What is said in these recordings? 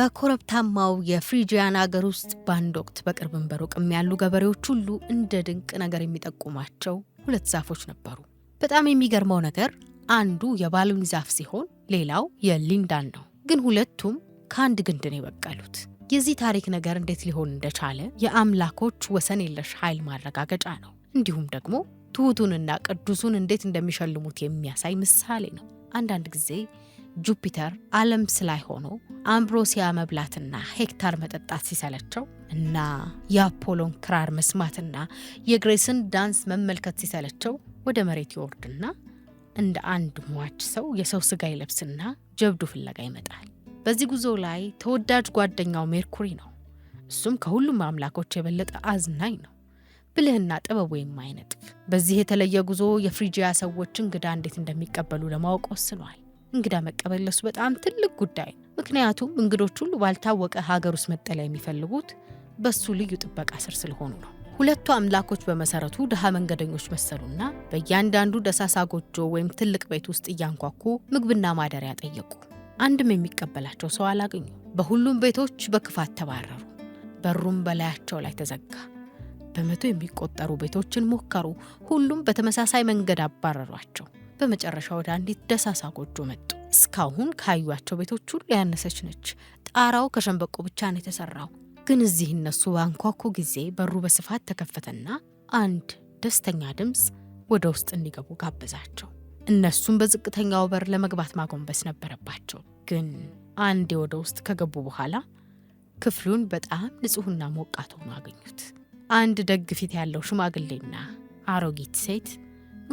በኮረብታማው የፍሪጂያን አገር ውስጥ በአንድ ወቅት በቅርብም በሩቅም ያሉ ገበሬዎች ሁሉ እንደ ድንቅ ነገር የሚጠቁማቸው ሁለት ዛፎች ነበሩ። በጣም የሚገርመው ነገር አንዱ የባሉኝ ዛፍ ሲሆን ሌላው የሊንዳን ነው። ግን ሁለቱም ከአንድ ግንድ ነው የበቀሉት። የዚህ ታሪክ ነገር እንዴት ሊሆን እንደቻለ የአምላኮች ወሰን የለሽ ኃይል ማረጋገጫ ነው። እንዲሁም ደግሞ ትሑቱንና ቅዱሱን እንዴት እንደሚሸልሙት የሚያሳይ ምሳሌ ነው። አንዳንድ ጊዜ ጁፒተር ዓለም ስላይ ሆኖ አምብሮሲያ መብላትና ሄክታር መጠጣት ሲሰለቸው እና የአፖሎን ክራር መስማትና የግሬስን ዳንስ መመልከት ሲሰለቸው ወደ መሬት ይወርድና እንደ አንድ ሟች ሰው የሰው ስጋ ይለብስና ጀብዱ ፍለጋ ይመጣል። በዚህ ጉዞ ላይ ተወዳጅ ጓደኛው ሜርኩሪ ነው። እሱም ከሁሉም አምላኮች የበለጠ አዝናኝ ነው። ብልህና ጥበቡ የማይነጥፍ በዚህ የተለየ ጉዞ የፍሪጂያ ሰዎች እንግዳ እንዴት እንደሚቀበሉ ለማወቅ ወስኗል። እንግዳ መቀበል ለሱ በጣም ትልቅ ጉዳይ። ምክንያቱም እንግዶች ሁሉ ባልታወቀ ሀገር ውስጥ መጠለያ የሚፈልጉት በሱ ልዩ ጥበቃ ስር ስለሆኑ ነው። ሁለቱ አምላኮች በመሰረቱ ድሃ መንገደኞች መሰሉና በእያንዳንዱ ደሳሳ ጎጆ ወይም ትልቅ ቤት ውስጥ እያንኳኩ ምግብና ማደሪያ ጠየቁ። አንድም የሚቀበላቸው ሰው አላገኙ። በሁሉም ቤቶች በክፋት ተባረሩ። በሩም በላያቸው ላይ ተዘጋ። በመቶ የሚቆጠሩ ቤቶችን ሞከሩ። ሁሉም በተመሳሳይ መንገድ አባረሯቸው። በመጨረሻ ወደ አንዲት ደሳሳ ጎጆ መጡ። እስካሁን ካዩቸው ቤቶች ሁሉ ያነሰች ነች። ጣራው ከሸንበቆ ብቻ ነው የተሰራው። ግን እዚህ እነሱ ባንኳኩ ጊዜ በሩ በስፋት ተከፈተና አንድ ደስተኛ ድምፅ ወደ ውስጥ እንዲገቡ ጋበዛቸው። እነሱም በዝቅተኛው በር ለመግባት ማጎንበስ ነበረባቸው። ግን አንዴ ወደ ውስጥ ከገቡ በኋላ ክፍሉን በጣም ንጹሕና ሞቃት ሆኖ አገኙት። አንድ ደግ ፊት ያለው ሽማግሌና አሮጊት ሴት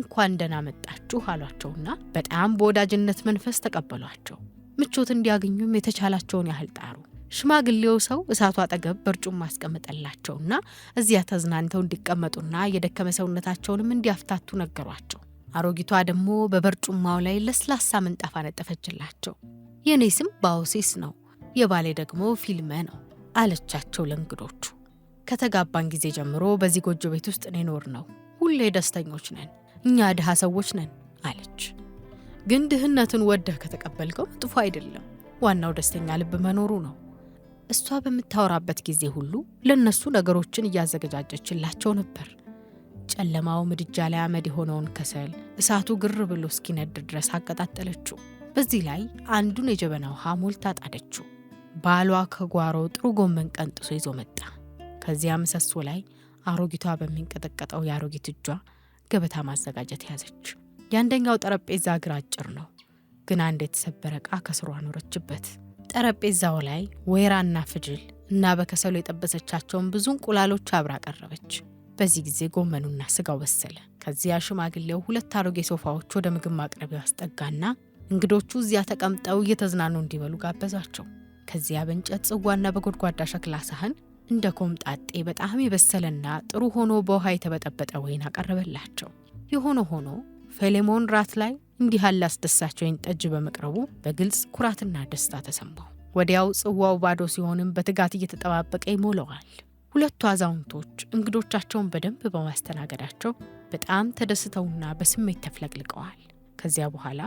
እንኳን ደህና መጣችሁ አሏቸውና በጣም በወዳጅነት መንፈስ ተቀበሏቸው። ምቾት እንዲያገኙም የተቻላቸውን ያህል ጣሩ። ሽማግሌው ሰው እሳቱ አጠገብ በርጩም ማስቀመጠላቸውና እዚያ ተዝናንተው እንዲቀመጡና የደከመ ሰውነታቸውንም እንዲያፍታቱ ነገሯቸው። አሮጊቷ ደግሞ በበርጩማው ላይ ለስላሳ ምንጣፍ አነጠፈችላቸው። የእኔ ስም ባውሴስ ነው፣ የባሌ ደግሞ ፊልመ ነው አለቻቸው ለእንግዶቹ። ከተጋባን ጊዜ ጀምሮ በዚህ ጎጆ ቤት ውስጥ እኔ ኖር ነው፣ ሁሌ ደስተኞች ነን። እኛ ድሃ ሰዎች ነን አለች። ግን ድህነትን ወደህ ከተቀበልከው መጥፎ አይደለም። ዋናው ደስተኛ ልብ መኖሩ ነው። እሷ በምታወራበት ጊዜ ሁሉ ለእነሱ ነገሮችን እያዘገጃጀችላቸው ነበር። ጨለማው ምድጃ ላይ አመድ የሆነውን ከሰል እሳቱ ግር ብሎ እስኪነድ ድረስ አቀጣጠለችው። በዚህ ላይ አንዱን የጀበና ውሃ ሞልታ ጣደችው። ባሏ ከጓሮ ጥሩ ጎመን ቀንጥሶ ይዞ መጣ። ከዚያ ምሰሶ ላይ አሮጊቷ በሚንቀጠቀጠው የአሮጊት እጇ ገበታ ማዘጋጀት ያዘች። የአንደኛው ጠረጴዛ እግር አጭር ነው፣ ግን አንድ የተሰበረ ዕቃ ከስሩ አኖረችበት። ጠረጴዛው ላይ ወይራና ፍጅል እና በከሰሉ የጠበሰቻቸውን ብዙ እንቁላሎች አብራ ቀረበች። በዚህ ጊዜ ጎመኑና ስጋው በሰለ። ከዚያ ሽማግሌው ሁለት አሮጌ ሶፋዎች ወደ ምግብ ማቅረቢያ አስጠጋና እንግዶቹ እዚያ ተቀምጠው እየተዝናኑ እንዲበሉ ጋበዛቸው። ከዚያ በእንጨት ጽዋና በጎድጓዳ ሸክላ ሳህን እንደ ኮምጣጤ በጣም የበሰለና ጥሩ ሆኖ በውሃ የተበጠበጠ ወይን አቀረበላቸው። የሆነ ሆኖ ፌሌሞን ራት ላይ እንዲህ ያለ አስደሳች ወይን ጠጅ በመቅረቡ በግልጽ ኩራትና ደስታ ተሰማው። ወዲያው ጽዋው ባዶ ሲሆንም በትጋት እየተጠባበቀ ይሞለዋል። ሁለቱ አዛውንቶች እንግዶቻቸውን በደንብ በማስተናገዳቸው በጣም ተደስተውና በስሜት ተፍለቅልቀዋል። ከዚያ በኋላ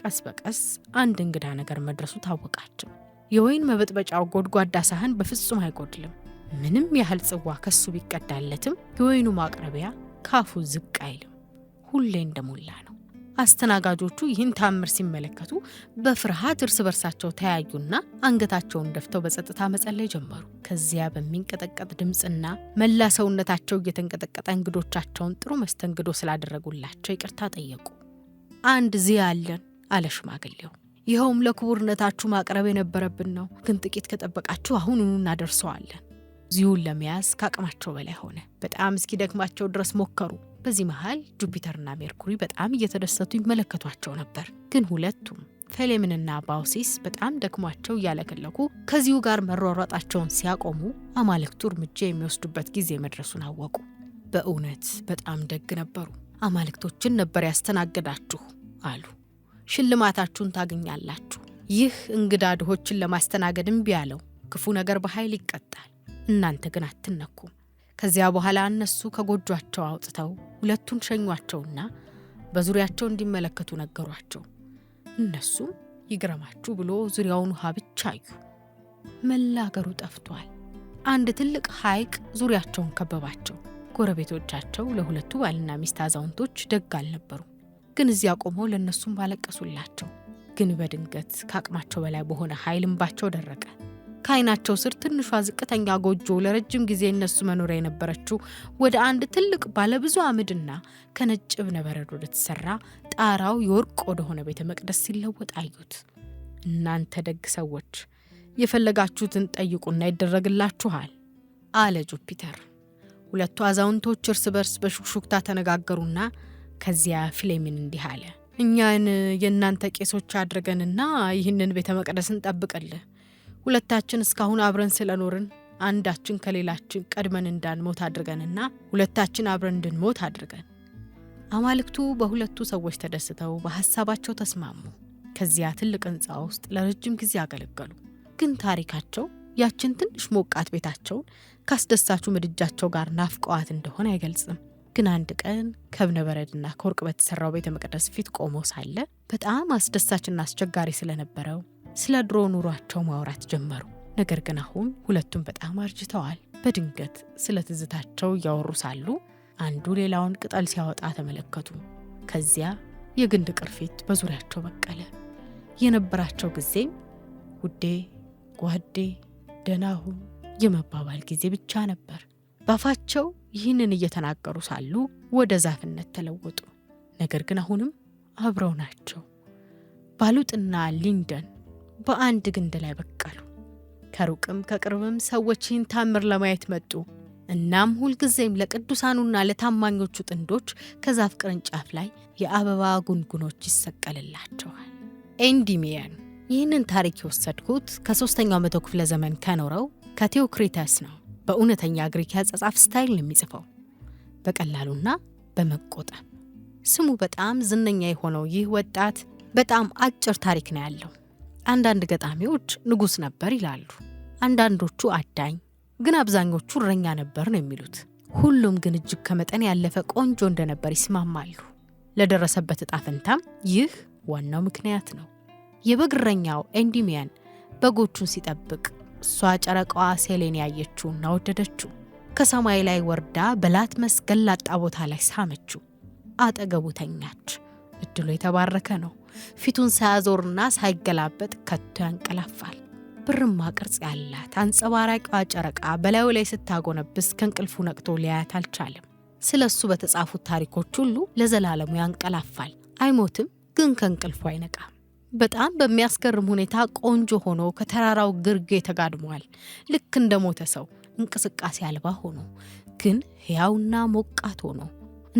ቀስ በቀስ አንድ እንግዳ ነገር መድረሱ ታወቃቸው። የወይን መበጥበጫው ጎድጓዳ ሳህን በፍጹም አይጎድልም። ምንም ያህል ጽዋ ከሱ ቢቀዳለትም የወይኑ ማቅረቢያ ካፉ ዝቅ አይልም፣ ሁሌ እንደሞላ ነው። አስተናጋጆቹ ይህን ታምር ሲመለከቱ በፍርሃት እርስ በርሳቸው ተያዩና አንገታቸውን ደፍተው በጸጥታ መጸለይ ጀመሩ። ከዚያ በሚንቀጠቀጥ ድምፅና መላ ሰውነታቸው እየተንቀጠቀጠ እንግዶቻቸውን ጥሩ መስተንግዶ ስላደረጉላቸው ይቅርታ ጠየቁ። አንድ ዚያ አለን አለ ሽማግሌው። ይኸውም ለክቡርነታችሁ ማቅረብ የነበረብን ነው፣ ግን ጥቂት ከጠበቃችሁ አሁኑኑ እናደርሰዋለን። ዚሁን ለመያዝ ከአቅማቸው በላይ ሆነ። በጣም እስኪደክማቸው ድረስ ሞከሩ። በዚህ መሃል ጁፒተርና ሜርኩሪ በጣም እየተደሰቱ ይመለከቷቸው ነበር። ግን ሁለቱም ፌሌምንና ባውሲስ በጣም ደክሟቸው እያለከለኩ ከዚሁ ጋር መሯሯጣቸውን ሲያቆሙ አማልክቱ እርምጃ የሚወስዱበት ጊዜ መድረሱን አወቁ። በእውነት በጣም ደግ ነበሩ። አማልክቶችን ነበር ያስተናገዳችሁ አሉ። ሽልማታችሁን ታገኛላችሁ። ይህ እንግዳ ድሆችን ለማስተናገድ እምቢ ያለው ክፉ ነገር በኃይል ይቀጣል። እናንተ ግን አትነኩም። ከዚያ በኋላ እነሱ ከጎጇቸው አውጥተው ሁለቱን ሸኟቸውና በዙሪያቸው እንዲመለከቱ ነገሯቸው። እነሱም ይግረማችሁ ብሎ ዙሪያውን ውሃ ብቻ አዩ። መላገሩ ጠፍቷል። አንድ ትልቅ ሐይቅ ዙሪያቸውን ከበባቸው። ጎረቤቶቻቸው ለሁለቱ ባልና ሚስት አዛውንቶች ደግ አልነበሩም፣ ግን እዚያ ቆመው ለእነሱም ባለቀሱላቸው። ግን በድንገት ከአቅማቸው በላይ በሆነ ኃይል እንባቸው ደረቀ። ከአይናቸው ስር ትንሿ ዝቅተኛ ጎጆ ለረጅም ጊዜ እነሱ መኖሪያ የነበረችው ወደ አንድ ትልቅ ባለብዙ አምድና ከነጭ እብነ በረድ ወደተሰራ ጣራው የወርቅ ወደሆነ ቤተ መቅደስ ሲለወጥ አዩት። እናንተ ደግ ሰዎች የፈለጋችሁትን ጠይቁና ይደረግላችኋል አለ ጁፒተር። ሁለቱ አዛውንቶች እርስ በርስ በሹክሹክታ ተነጋገሩና ከዚያ ፊሌሚን እንዲህ አለ። እኛን የእናንተ ቄሶች አድርገንና ይህንን ቤተ መቅደስ እንጠብቅልህ ሁለታችን እስካሁን አብረን ስለኖርን አንዳችን ከሌላችን ቀድመን እንዳንሞት አድርገንና ሁለታችን አብረን እንድንሞት አድርገን አማልክቱ በሁለቱ ሰዎች ተደስተው በሐሳባቸው ተስማሙ። ከዚያ ትልቅ ሕንፃ ውስጥ ለረጅም ጊዜ አገለገሉ። ግን ታሪካቸው ያችን ትንሽ ሞቃት ቤታቸውን ካስደሳቹ ምድጃቸው ጋር ናፍቀዋት እንደሆነ አይገልጽም። ግን አንድ ቀን ከእብነ በረድና ከወርቅ በተሠራው ቤተ መቅደስ ፊት ቆሞ ሳለ በጣም አስደሳችና አስቸጋሪ ስለነበረው ስለ ድሮ ኑሯቸው ማውራት ጀመሩ። ነገር ግን አሁን ሁለቱም በጣም አርጅተዋል። በድንገት ስለ ትዝታቸው እያወሩ ሳሉ አንዱ ሌላውን ቅጠል ሲያወጣ ተመለከቱ። ከዚያ የግንድ ቅርፊት በዙሪያቸው በቀለ። የነበራቸው ጊዜም ውዴ፣ ጓዴ፣ ደናሁን የመባባል ጊዜ ብቻ ነበር። ባፋቸው ይህንን እየተናገሩ ሳሉ ወደ ዛፍነት ተለወጡ። ነገር ግን አሁንም አብረው ናቸው። ባሉጥና ሊንደን በአንድ ግንድ ላይ በቃሉ። ከሩቅም ከቅርብም ሰዎች ይህን ታምር ለማየት መጡ። እናም ሁልጊዜም ለቅዱሳኑና ለታማኞቹ ጥንዶች ከዛፍ ቅርንጫፍ ላይ የአበባ ጉንጉኖች ይሰቀልላቸዋል። ኤንዲሚየን ይህንን ታሪክ የወሰድኩት ከሦስተኛው መቶ ክፍለ ዘመን ከኖረው ከቴዎክሪተስ ነው። በእውነተኛ ግሪክ ያጸጻፍ ስታይል ነው የሚጽፈው፣ በቀላሉና በመቆጠብ ስሙ በጣም ዝነኛ የሆነው ይህ ወጣት በጣም አጭር ታሪክ ነው ያለው። አንዳንድ ገጣሚዎች ንጉሥ ነበር ይላሉ። አንዳንዶቹ አዳኝ፣ ግን አብዛኞቹ እረኛ ነበር ነው የሚሉት። ሁሉም ግን እጅግ ከመጠን ያለፈ ቆንጆ እንደነበር ይስማማሉ። ለደረሰበት እጣ ፈንታም ይህ ዋናው ምክንያት ነው። የበግ እረኛው ኤንዲሚያን በጎቹን ሲጠብቅ እሷ ጨረቃዋ ሴሌን ያየችውና ወደደችው። ከሰማይ ላይ ወርዳ በላትመስ ላጣ ቦታ ላይ ሳመችው። አጠገቡ ተኛች። እድሉ የተባረከ ነው። ፊቱን ሳያዞርና ሳይገላበጥ ከቶ ያንቀላፋል። ብርማ ቅርጽ ያላት አንጸባራቂዋ ጨረቃ በላዩ ላይ ስታጎነብስ ከእንቅልፉ ነቅቶ ሊያያት አልቻለም። ስለ እሱ በተጻፉት ታሪኮች ሁሉ ለዘላለሙ ያንቀላፋል። አይሞትም፣ ግን ከእንቅልፉ አይነቃም። በጣም በሚያስገርም ሁኔታ ቆንጆ ሆኖ ከተራራው ግርጌ ተጋድሟል። ልክ እንደ ሞተ ሰው እንቅስቃሴ አልባ ሆኖ ግን ሕያውና ሞቃት ሆኖ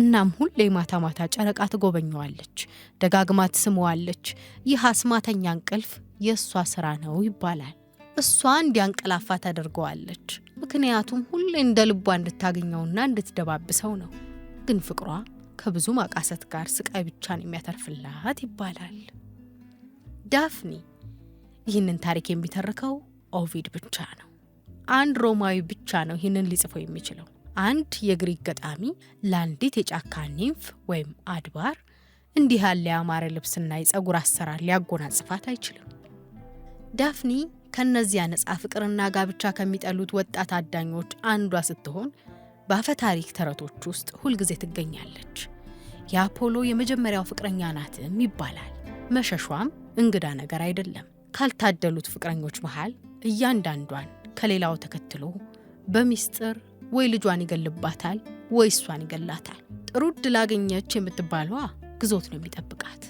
እናም ሁሌ ማታ ማታ ጨረቃ ትጎበኘዋለች፣ ደጋግማ ትስመዋለች። ይህ አስማተኛ እንቅልፍ የእሷ ስራ ነው ይባላል። እሷ እንዲያንቀላፋ ታደርገዋለች። ምክንያቱም ሁሌ እንደ ልቧ እንድታገኘውና እንድትደባብሰው ነው። ግን ፍቅሯ ከብዙ ማቃሰት ጋር ስቃይ ብቻን የሚያተርፍላት ይባላል። ዳፍኒ ይህንን ታሪክ የሚተርከው ኦቪድ ብቻ ነው። አንድ ሮማዊ ብቻ ነው ይህንን ሊጽፈው የሚችለው። አንድ የግሪክ ገጣሚ ለአንዲት የጫካ ኒንፍ ወይም አድባር እንዲህ ያለ ያማረ ልብስና የፀጉር አሰራር ሊያጎናጽፋት አይችልም። ዳፍኒ ከእነዚያ ነፃ ፍቅርና ጋብቻ ከሚጠሉት ወጣት አዳኞች አንዷ ስትሆን በአፈ ታሪክ ተረቶች ውስጥ ሁልጊዜ ትገኛለች። የአፖሎ የመጀመሪያው ፍቅረኛ ናትም ይባላል። መሸሿም እንግዳ ነገር አይደለም። ካልታደሉት ፍቅረኞች መሃል እያንዳንዷን ከሌላው ተከትሎ በሚስጥር ወይ ልጇን ይገልባታል ወይ እሷን ይገላታል። ጥሩ እድል አገኘች የምትባሏ ግዞት ነው የሚጠብቃት።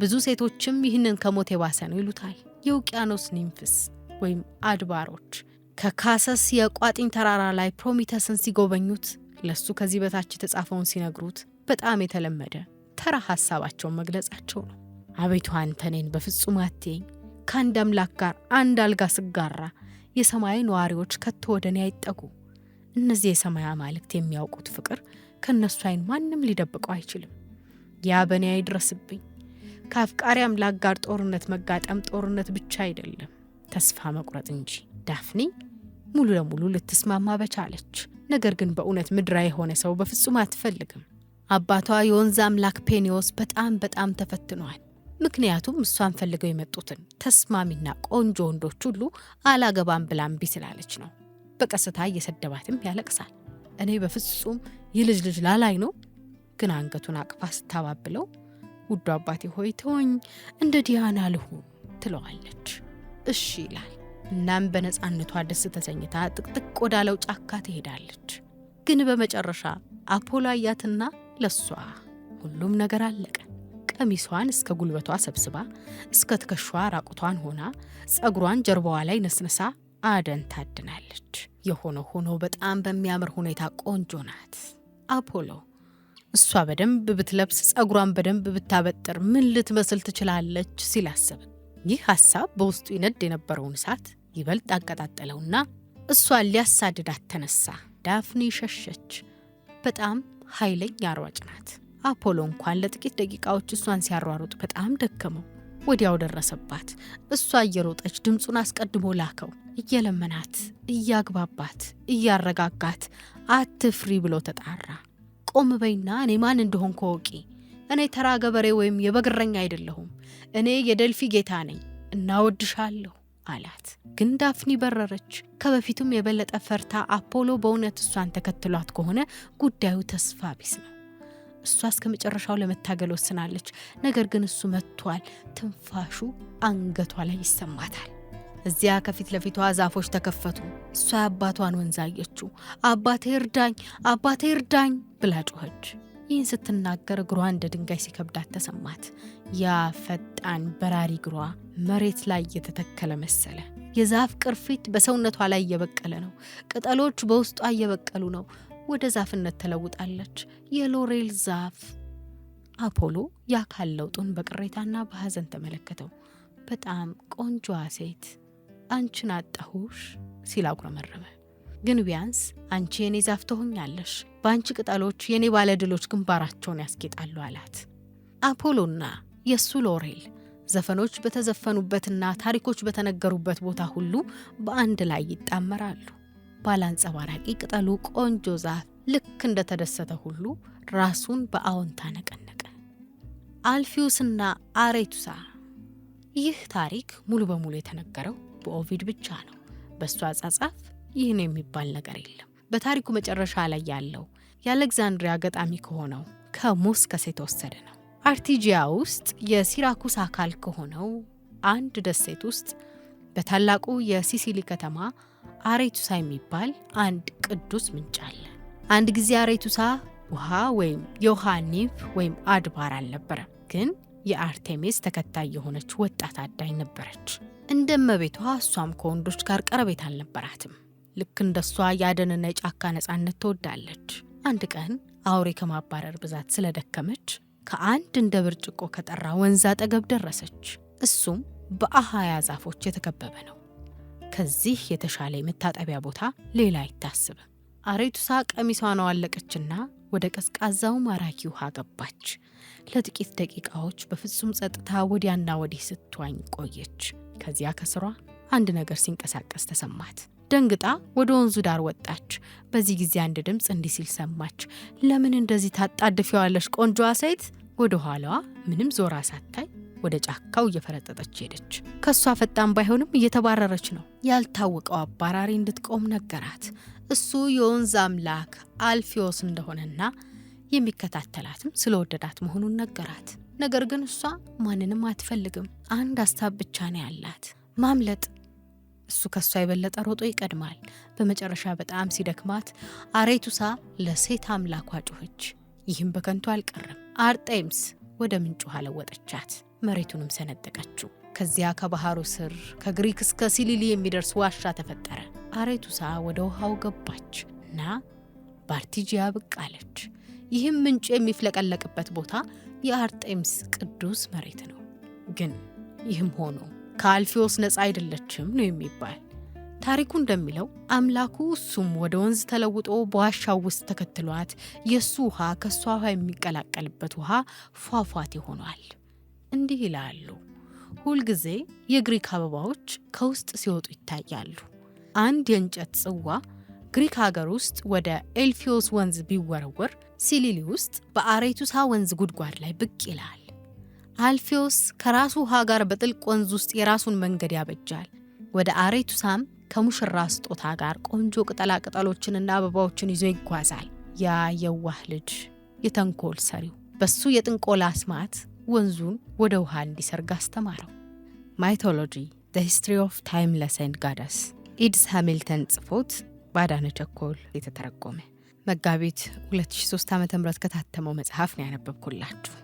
ብዙ ሴቶችም ይህንን ከሞት የባሰ ነው ይሉታል። የውቅያኖስ ኒምፍስ ወይም አድባሮች ከካሰስ የቋጥኝ ተራራ ላይ ፕሮሚተስን ሲጎበኙት ለሱ ከዚህ በታች የተጻፈውን ሲነግሩት በጣም የተለመደ ተራ ሐሳባቸውን መግለጻቸው ነው። አቤቱ አንተ እኔን በፍጹም አትየኝ፣ ከአንድ አምላክ ጋር አንድ አልጋ ስጋራ የሰማይ ነዋሪዎች ከቶ ወደ እኔ አይጠጉ እነዚህ የሰማይ አማልክት የሚያውቁት ፍቅር ከእነሱ አይን ማንም ሊደብቀው አይችልም። ያ በእኔ አይድረስብኝ። ከአፍቃሪ አምላክ ጋር ጦርነት መጋጠም ጦርነት ብቻ አይደለም፣ ተስፋ መቁረጥ እንጂ። ዳፍኔ ሙሉ ለሙሉ ልትስማማ በቻለች። ነገር ግን በእውነት ምድራ የሆነ ሰው በፍጹም አትፈልግም። አባቷ የወንዝ አምላክ ፔኒዎስ በጣም በጣም ተፈትኗል። ምክንያቱም እሷን ፈልገው የመጡትን ተስማሚና ቆንጆ ወንዶች ሁሉ አላገባም ብላ እምቢ ስላለች ነው። በቀስታ እየሰደባትም ያለቅሳል። እኔ በፍጹም የልጅ ልጅ ላላይ ነው፣ ግን አንገቱን አቅፋ ስታባብለው ውዱ አባቴ ሆይ ተወኝ፣ እንደ ዲያና ልሁን ትለዋለች። እሺ ይላል። እናም በነፃነቷ ደስ ተሰኝታ ጥቅጥቅ ወዳለው ጫካ ትሄዳለች። ግን በመጨረሻ አፖሎ አያትና ለሷ ሁሉም ነገር አለቀ። ቀሚሷን እስከ ጉልበቷ ሰብስባ እስከ ትከሿ ራቁቷን ሆና ጸጉሯን ጀርባዋ ላይ ነስንሳ አደን ታድናለች። የሆነ ሆኖ በጣም በሚያምር ሁኔታ ቆንጆ ናት አፖሎ። እሷ በደንብ ብትለብስ፣ ጸጉሯን በደንብ ብታበጥር ምን ልትመስል ትችላለች ሲል አሰበ። ይህ ሐሳብ በውስጡ ይነድ የነበረውን እሳት ይበልጥ አቀጣጠለውና እሷን ሊያሳድዳት ተነሳ። ዳፍኒ ሸሸች። በጣም ኃይለኛ አሯጭ ናት። አፖሎ እንኳን ለጥቂት ደቂቃዎች እሷን ሲያሯሩጥ በጣም ደከመው። ወዲያው ደረሰባት። እሷ እየሮጠች ድምፁን አስቀድሞ ላከው። እየለመናት እያግባባት እያረጋጋት አትፍሪ ብሎ ተጣራ። ቆም በይና እኔ ማን እንደሆን ከወቂ። እኔ ተራ ገበሬ ወይም የበግረኛ አይደለሁም። እኔ የደልፊ ጌታ ነኝ፣ እናወድሻለሁ አላት። ግን ዳፍኒ በረረች። ከበፊቱም የበለጠ ፈርታ፣ አፖሎ በእውነት እሷን ተከትሏት ከሆነ ጉዳዩ ተስፋ ቢስ ነው። እሷ እስከ መጨረሻው ለመታገል ወስናለች። ነገር ግን እሱ መጥቷል። ትንፋሹ አንገቷ ላይ ይሰማታል። እዚያ ከፊት ለፊቷ ዛፎች ተከፈቱ። እሷ የአባቷን ወንዝ አየችው። አባቴ እርዳኝ፣ አባቴ እርዳኝ ብላ ጮኸች። ይህን ስትናገር እግሯ እንደ ድንጋይ ሲከብዳት ተሰማት። ያ ፈጣን በራሪ እግሯ መሬት ላይ እየተተከለ መሰለ። የዛፍ ቅርፊት በሰውነቷ ላይ እየበቀለ ነው። ቅጠሎች በውስጧ እየበቀሉ ነው። ወደ ዛፍነት ተለውጣለች። የሎሬል ዛፍ። አፖሎ የአካል ለውጡን በቅሬታና በሐዘን ተመለከተው። በጣም ቆንጆዋ ሴት አንቺን አጣሁሽ ሲል አጉረመረመ። ግን ቢያንስ አንቺ የኔ ዛፍ ትሆኛለሽ፣ በአንቺ ቅጠሎች የኔ ባለድሎች ግንባራቸውን ያስጌጣሉ አላት። አፖሎና የእሱ ሎሬል ዘፈኖች በተዘፈኑበትና ታሪኮች በተነገሩበት ቦታ ሁሉ በአንድ ላይ ይጣመራሉ። ባላንጸባራቂ ቅጠሉ ቆንጆ ዛፍ ልክ እንደተደሰተ ሁሉ ራሱን በአዎንታ ነቀነቀ። አልፊዩስና አሬቱሳ ይህ ታሪክ ሙሉ በሙሉ የተነገረው ኦቪድ ብቻ ነው። በእሱ አጻጻፍ ይህን የሚባል ነገር የለም። በታሪኩ መጨረሻ ላይ ያለው የአሌግዛንድሪያ ገጣሚ ከሆነው ከሞስከስ የተወሰደ ነው። አርቲጂያ ውስጥ የሲራኩስ አካል ከሆነው አንድ ደሴት ውስጥ በታላቁ የሲሲሊ ከተማ አሬቱሳ የሚባል አንድ ቅዱስ ምንጭ አለ። አንድ ጊዜ አሬቱሳ ውሃ ወይም የውሃ ኒፍ ወይም አድባር አልነበረም፣ ግን የአርቴሚስ ተከታይ የሆነች ወጣት አዳኝ ነበረች። እንደ እመቤቷ እሷም ከወንዶች ጋር ቀረቤት አልነበራትም። ልክ እንደ እሷ የአደንና የጫካ ነፃነት ትወዳለች። አንድ ቀን አውሬ ከማባረር ብዛት ስለደከመች ከአንድ እንደ ብርጭቆ ከጠራ ወንዝ አጠገብ ደረሰች። እሱም በአሃያ ዛፎች የተከበበ ነው። ከዚህ የተሻለ የመታጠቢያ ቦታ ሌላ አይታስብም። አሬቱሳ ቀሚሷን አለቀችና ወደ ቀዝቃዛው ማራኪ ውሃ ገባች። ለጥቂት ደቂቃዎች በፍጹም ጸጥታ ወዲያና ወዲህ ስትዋኝ ቆየች። ከዚያ ከስሯ አንድ ነገር ሲንቀሳቀስ ተሰማት። ደንግጣ ወደ ወንዙ ዳር ወጣች። በዚህ ጊዜ አንድ ድምፅ እንዲህ ሲል ሰማች። ለምን እንደዚህ ታጣድፊዋለሽ? ቆንጆዋ ሴት። ወደ ኋላዋ ምንም ዞራ ሳታይ ወደ ጫካው እየፈረጠጠች ሄደች። ከእሷ ፈጣን ባይሆንም እየተባረረች ነው። ያልታወቀው አባራሪ እንድትቆም ነገራት። እሱ የወንዝ አምላክ አልፊዎስ እንደሆነና የሚከታተላትም ስለወደዳት መሆኑን ነገራት። ነገር ግን እሷ ማንንም አትፈልግም። አንድ ሀሳብ ብቻ ነው ያላት፣ ማምለጥ። እሱ ከእሷ የበለጠ ሮጦ ይቀድማል። በመጨረሻ በጣም ሲደክማት አሬቱሳ ለሴት አምላኳ ጩኸች። ይህም በከንቱ አልቀረም። አርጤምስ ወደ ምንጩ አለወጠቻት፣ መሬቱንም ሰነጠቀችው። ከዚያ ከባህሩ ስር ከግሪክ እስከ ሲሊሊ የሚደርስ ዋሻ ተፈጠረ። አሬቱሳ ወደ ውሃው ገባች እና ባርቲጂያ ብቅ አለች። ይህም ምንጩ የሚፍለቀለቅበት ቦታ የአርጤምስ ቅዱስ መሬት ነው። ግን ይህም ሆኖ ከአልፊዎስ ነፃ አይደለችም ነው የሚባል። ታሪኩ እንደሚለው አምላኩ እሱም ወደ ወንዝ ተለውጦ በዋሻው ውስጥ ተከትሏት የእሱ ውሃ ከእሷ ውሃ የሚቀላቀልበት ውሃ ፏፏቴ ሆኗል። እንዲህ ይላሉ። ሁልጊዜ የግሪክ አበባዎች ከውስጥ ሲወጡ ይታያሉ። አንድ የእንጨት ጽዋ ግሪክ ሀገር ውስጥ ወደ ኤልፊዮስ ወንዝ ቢወረወር ሲሊሊ ውስጥ በአሬቱሳ ወንዝ ጉድጓድ ላይ ብቅ ይላል። አልፌዎስ ከራሱ ውሃ ጋር በጥልቅ ወንዝ ውስጥ የራሱን መንገድ ያበጃል። ወደ አሬቱሳም ከሙሽራ ስጦታ ጋር ቆንጆ ቅጠላቅጠሎችንና አበባዎችን ይዞ ይጓዛል። ያ የዋህ ልጅ፣ የተንኮል ሰሪው በሱ የጥንቆላ አስማት ወንዙን ወደ ውሃ እንዲሰርግ አስተማረው። ማይቶሎጂ ዘ ሂስትሪ ኦፍ ታይምለስ ኤንድ ጋዳስ ኢድስ ሃሚልተን ጽፎት ባዳነ ቸኮል የተተረጎመ መጋቢት 2003 ዓ ም ከታተመው መጽሐፍ ነው ያነበብኩላችሁ።